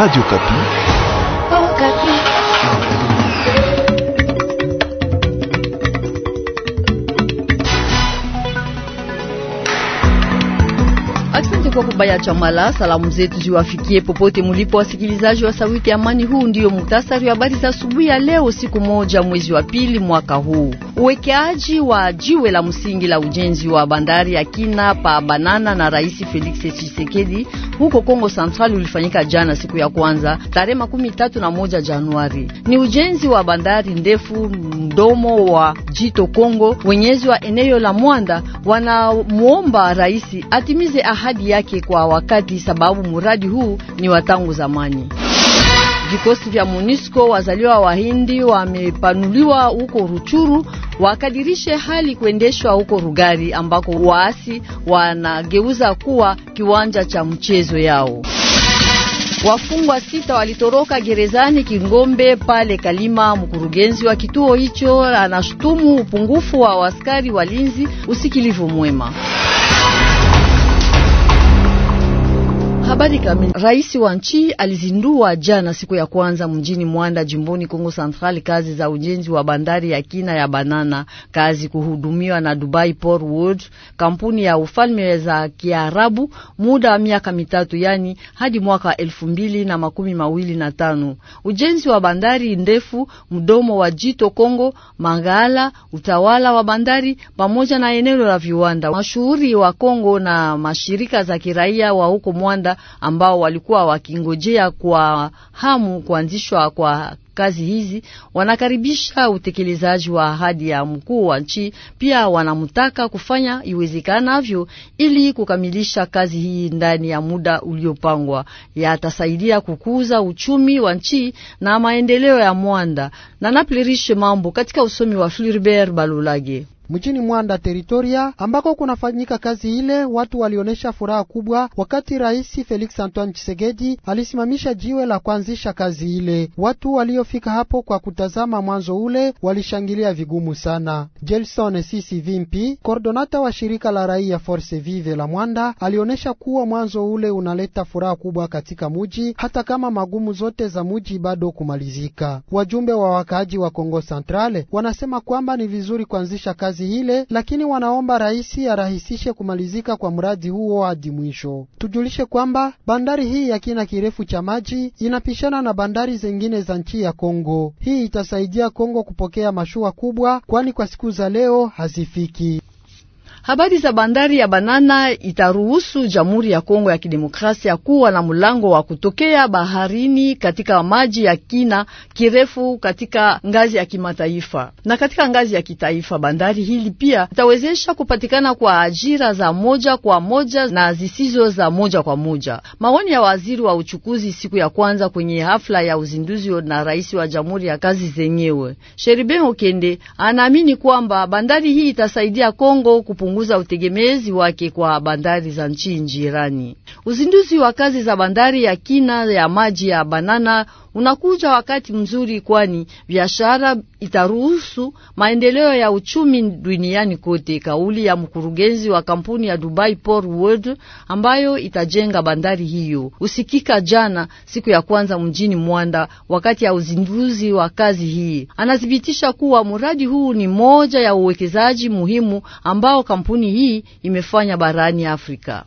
Radio Kapi. Oh, Kapi. Asante kwa kubaya chamala. Salamu zetu ziwafikie popote mulipo, wasikilizaji wa Sauti ya Amani. Huu ndio muktasari wa habari za asubuhi ya leo, siku moja mwezi wa pili mwaka huu uwekeaji wa jiwe la msingi la ujenzi wa bandari ya kina pa Banana na Rais Felix Tshisekedi huko Kongo Central ulifanyika jana siku ya kwanza tarehe makumi tatu na moja Januari. Ni ujenzi wa bandari ndefu, mdomo wa jito Kongo. Wenyezi wa eneo la Mwanda wanamwomba rais atimize ahadi yake kwa wakati, sababu muradi huu ni wa tangu zamani. Vikosi vya MONUSCO wazaliwa Wahindi wamepanuliwa huko Ruchuru, wakadirishe hali kuendeshwa huko Rugari ambako waasi wanageuza kuwa kiwanja cha mchezo yao. Wafungwa sita walitoroka gerezani Kingombe pale Kalima. Mkurugenzi wa kituo hicho anashutumu upungufu wa askari walinzi, usikilivu mwema Habari kamili. Rais wa nchi alizindua jana siku ya kwanza mjini Mwanda jimboni Kongo Central kazi za ujenzi wa bandari ya kina ya Banana, kazi kuhudumiwa na Dubai Port wood kampuni ya ufalme za Kiarabu, muda wa miaka mitatu, yani hadi mwaka elfu mbili na makumi mawili na tano. Ujenzi wa bandari ndefu, mdomo wa jito Kongo, magala, utawala wa bandari pamoja na eneo la viwanda. Mashuhuri wa Kongo na mashirika za kiraia wa huko Mwanda ambao walikuwa wakingojea kwa hamu kuanzishwa kwa kazi hizi. Wanakaribisha utekelezaji wa ahadi ya mkuu wa nchi, pia wanamtaka kufanya iwezekanavyo ili kukamilisha kazi hii ndani ya muda uliopangwa. Yatasaidia kukuza uchumi wa nchi na maendeleo ya mwanda na naplirishe mambo katika usomi wa Fluribert Balulage mjini Mwanda teritoria ambako kunafanyika kazi ile. Watu walionyesha furaha kubwa wakati Rais Felix Antoine Tshisekedi alisimamisha jiwe la kuanzisha kazi ile. Watu waliofika hapo kwa kutazama mwanzo ule walishangilia vigumu sana. Jelson Sisi Vimpi, kordonata wa shirika la raia Force Vive la Mwanda, alionyesha kuwa mwanzo ule unaleta furaha kubwa katika muji, hata kama magumu zote za muji bado kumalizika. Wajumbe wa wakaaji wa Kongo Centrale wanasema kwamba ni vizuri kuanzisha kazi kazi ile, lakini wanaomba rais arahisishe kumalizika kwa mradi huo hadi mwisho. Tujulishe kwamba bandari hii ya kina kirefu cha maji inapishana na bandari zengine za nchi ya Kongo. Hii itasaidia Kongo kupokea mashua kubwa, kwani kwa siku za leo hazifiki. Habari za bandari ya Banana itaruhusu Jamhuri ya Kongo ya Kidemokrasia kuwa na mlango wa kutokea baharini katika maji ya kina kirefu katika ngazi ya kimataifa na katika ngazi ya kitaifa. Bandari hili pia itawezesha kupatikana kwa ajira za moja kwa moja na zisizo za moja kwa moja. Maoni ya waziri wa uchukuzi siku ya kwanza kwenye hafla ya uzinduzi na rais wa jamhuri ya kazi zenyewe. Sheriben Okende anaamini kwamba bandari hii itasaidia Kongo kupunguza kupunguza utegemezi wake kwa bandari za nchi jirani. Uzinduzi wa kazi za bandari ya kina ya maji ya Banana unakuja wakati mzuri, kwani biashara itaruhusu maendeleo ya uchumi duniani kote. Kauli ya mkurugenzi wa kampuni ya Dubai Port World ambayo itajenga bandari hiyo usikika jana siku ya kwanza mjini Mwanda wakati ya uzinduzi wa kazi hii. Anathibitisha kuwa mradi huu ni moja ya uwekezaji muhimu ambao kampuni hii imefanya barani Afrika.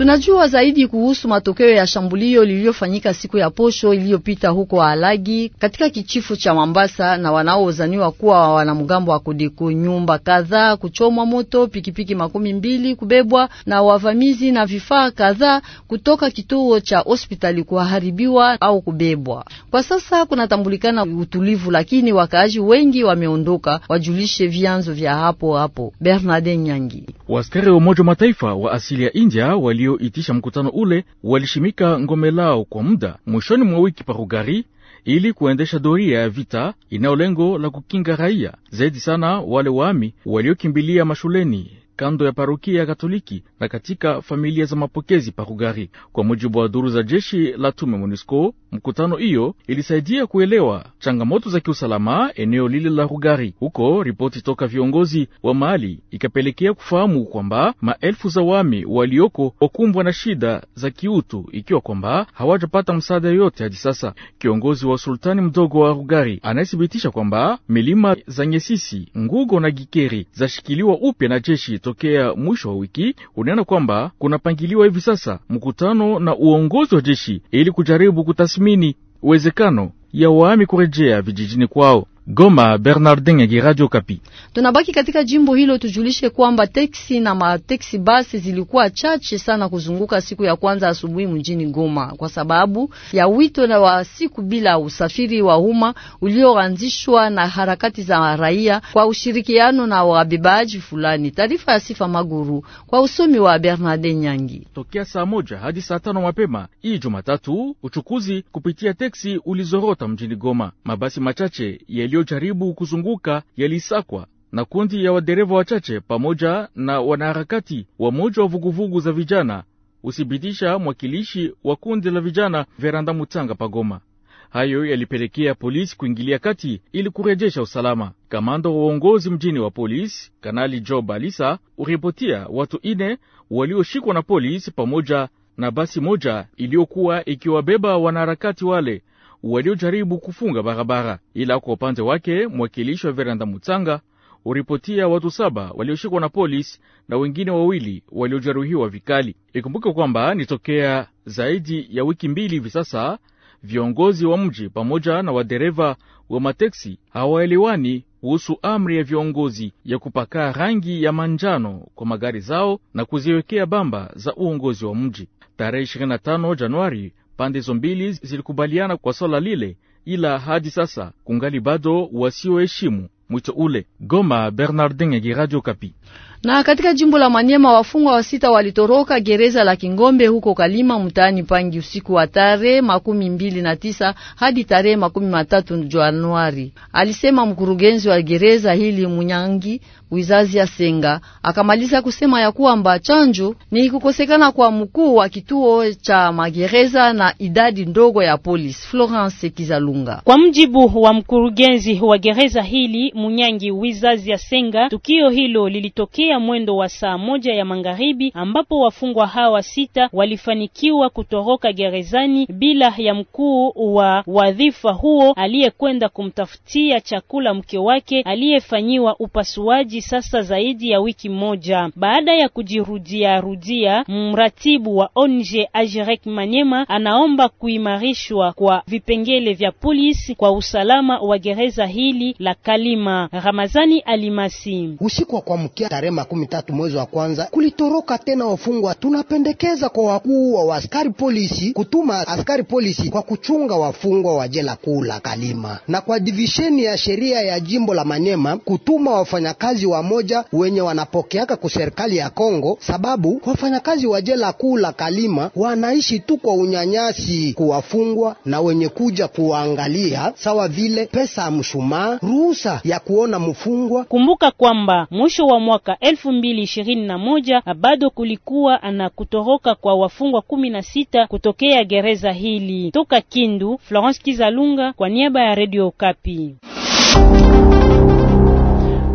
Tunajua zaidi kuhusu matokeo ya shambulio lililofanyika siku ya posho iliyopita huko Alagi katika kichifu cha Mambasa na wanaozaniwa kuwa wanamgambo wa Kodeko. Nyumba kadhaa kuchomwa moto, pikipiki makumi mbili kubebwa na wavamizi na vifaa kadhaa kutoka kituo cha hospitali kuharibiwa au kubebwa. Kwa sasa kunatambulikana utulivu, lakini wakaaji wengi wameondoka, wajulishe vyanzo vya hapo hapo. Bernard Nyangi, waskari wa Umoja wa Mataifa wa asili ya India walio walioitisha mkutano ule walishimika ngome lao kwa muda mwishoni mwa wiki Parugari ili kuendesha doria ya vita inayo lengo la kukinga raia zaidi sana wale waami waliokimbilia mashuleni kando ya parokia ya Katoliki na katika familia za mapokezi Parugari. Kwa mujibu wa duru za jeshi la tume MONUSCO, mkutano hiyo ilisaidia kuelewa changamoto za kiusalama eneo lile la Rugari. Huko ripoti toka viongozi wa mahali ikapelekea kufahamu kwamba maelfu za wami walioko wakumbwa na shida za kiutu, ikiwa kwamba hawajapata msaada yoyote hadi sasa. Kiongozi wa sultani mdogo wa Rugari anayethibitisha kwamba milima za Nyesisi, Ngugo na Gikeri zashikiliwa upya na jeshi tokea mwisho wa wiki Nena kwamba kunapangiliwa hivi sasa mkutano na uongozi wa jeshi ili kujaribu kutathmini uwezekano ya waami kurejea vijijini kwao. Goma, Bernardin Egi, Radio Kapi. Tunabaki katika jimbo hilo, tujulishe kwamba teksi na mateksi basi zilikuwa chache sana kuzunguka siku ya kwanza asubuhi mjini Goma kwa sababu ya wito na wa siku bila usafiri wa umma ulioanzishwa na harakati za raia kwa ushirikiano na wabebaji fulani. Taarifa ya Sifa Maguru kwa usomi wa Bernardin Nyangi. Tokea saa moja hadi saa tano mapema hii Jumatatu, uchukuzi kupitia teksi ulizorota mjini Goma, mabasi machache yaliyo yaliyojaribu kuzunguka yalisakwa na kundi ya wadereva wachache pamoja na wanaharakati wa moja wa vuguvugu za vijana, usibitisha mwakilishi wa kundi la vijana Veranda Mutanga Pagoma. Hayo yalipelekea polisi kuingilia kati ili kurejesha usalama. Kamanda wa uongozi mjini wa polisi Kanali Jo Balisa uripotia watu ine walioshikwa na polisi pamoja na basi moja iliyokuwa ikiwabeba wanaharakati wale waliojaribu kufunga barabara. Ila kwa upande wake mwakilishi wa Veranda Mutsanga uripotia watu saba walioshikwa na polisi na wengine wawili waliojeruhiwa vikali. Ikumbuke kwamba nitokea zaidi ya wiki mbili hivi sasa viongozi wa mji pamoja na wadereva wa mateksi hawaelewani kuhusu amri ya viongozi ya kupakaa rangi ya manjano kwa magari zao na kuziwekea bamba za uongozi wa mji. Tarehe 25 Januari Pande zo mbili zilikubaliana kwa swala lile, ila hadi sasa kungali bado wasioheshimu mwito ule. Goma, Bernardin radio Kapi. Na katika jimbo la Manyema wafungwa wasita walitoroka gereza la Kingombe huko Kalima mtaani Pangi usiku wa tarehe makumi mbili na tisa hadi tarehe makumi matatu Januari, alisema mkurugenzi wa gereza hili Munyangi Wizazi ya Senga. Akamaliza kusema ya kwamba chanjo ni kukosekana kwa mkuu wa kituo cha magereza na idadi ndogo ya polisi. Florence Kizalunga, kwa mjibu wa mkurugenzi wa gereza hili Munyangi Wizazi ya Senga, tukio hilo lilitokea ya mwendo wa saa moja ya magharibi, ambapo wafungwa hawa sita walifanikiwa kutoroka gerezani bila ya mkuu wa wadhifa huo aliyekwenda kumtafutia chakula mke wake aliyefanyiwa upasuaji sasa zaidi ya wiki moja. Baada ya kujirudia rudia, mratibu wa Onje Ajerek Manyema anaomba kuimarishwa kwa vipengele vya polisi kwa usalama wa gereza hili la Kalima. Ramazani Alimasi usiku wa kuamkia tarehe makumi tatu mwezi wa kwanza kulitoroka tena wafungwa. Tunapendekeza kwa wakuu wa askari polisi kutuma askari polisi kwa kuchunga wafungwa wa jela kuu la Kalima na kwa divisheni ya sheria ya jimbo la Manyema kutuma wafanyakazi wamoja wenye wanapokeaka ku serikali ya Kongo, sababu wafanyakazi wa jela kuu la Kalima wanaishi tu kwa unyanyasi kuwafungwa na wenye kuja kuwaangalia sawa vile pesa ya mshumaa, ruhusa ya kuona mfungwa. Kumbuka kwamba mwisho wa mwaka elfu mbili ishirini na moja bado kulikuwa ana kutoroka kwa wafungwa kumi na sita kutokea gereza hili. Toka Kindu, Florence Kizalunga kwa niaba ya Radio Okapi.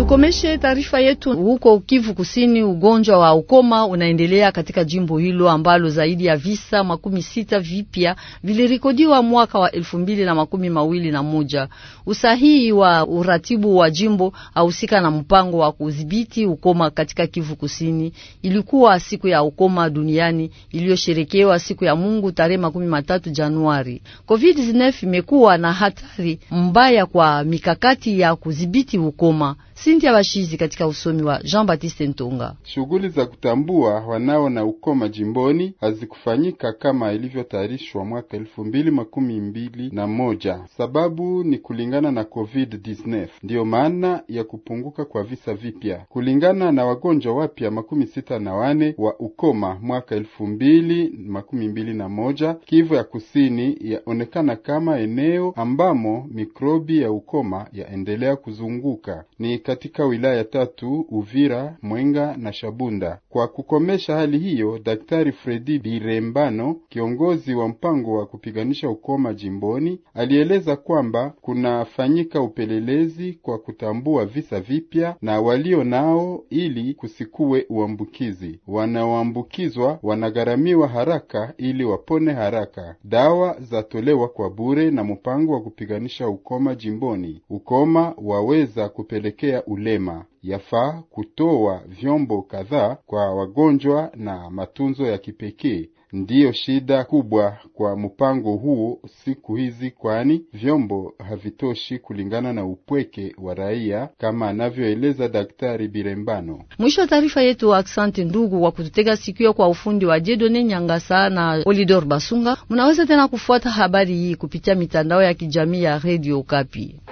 Tukomeshe taarifa yetu huko Kivu Kusini. Ugonjwa wa ukoma unaendelea katika jimbo hilo ambalo zaidi ya visa makumi sita vipya vilirekodiwa mwaka wa elfu mbili na makumi mawili na moja. Usahihi wa uratibu wa jimbo hahusika na mpango wa kudhibiti ukoma katika Kivu Kusini. Ilikuwa siku ya ukoma duniani iliyosherekewa siku ya Mungu tarehe makumi matatu Januari. COVID-19 imekuwa na hatari mbaya kwa mikakati ya kudhibiti ukoma. Cynthia Bashizi katika usomi wa Jean Baptiste Ntonga. Shughuli za kutambua wanao na ukoma jimboni hazikufanyika kama ilivyotayarishwa mwaka elfu mbili makumi mbili na moja. Sababu ni kulingana na COVID-19, ndiyo maana ya kupunguka kwa visa vipya. Kulingana na wagonjwa wapya makumi sita na wane wa ukoma mwaka elfu mbili makumi mbili na moja, Kivu ya kusini yaonekana kama eneo ambamo mikrobi ya ukoma yaendelea kuzunguka ni katika wilaya tatu Uvira, Mwenga na Shabunda. Kwa kukomesha hali hiyo, Daktari Fredi Birembano, kiongozi wa mpango wa kupiganisha ukoma jimboni, alieleza kwamba kunafanyika upelelezi kwa kutambua visa vipya na walio nao, ili kusikue uambukizi. Wanaoambukizwa wanagharamiwa haraka ili wapone haraka. Dawa zatolewa kwa bure na mpango wa kupiganisha ukoma jimboni. Ukoma waweza kupelekea ulema. Yafaa kutoa vyombo kadhaa kwa wagonjwa na matunzo ya kipekee ndiyo shida kubwa kwa mpango huo siku hizi, kwani vyombo havitoshi kulingana na upweke wa raia, kama anavyoeleza Daktari Birembano. Mwisho wa taarifa yetu. aksanti ndugu wa kututega sikio, kwa ufundi wa Jedone Nyangasa na Olidor Basunga. Munaweza tena kufuata habari hii kupitia mitandao ya kijamii ya redio Kapi.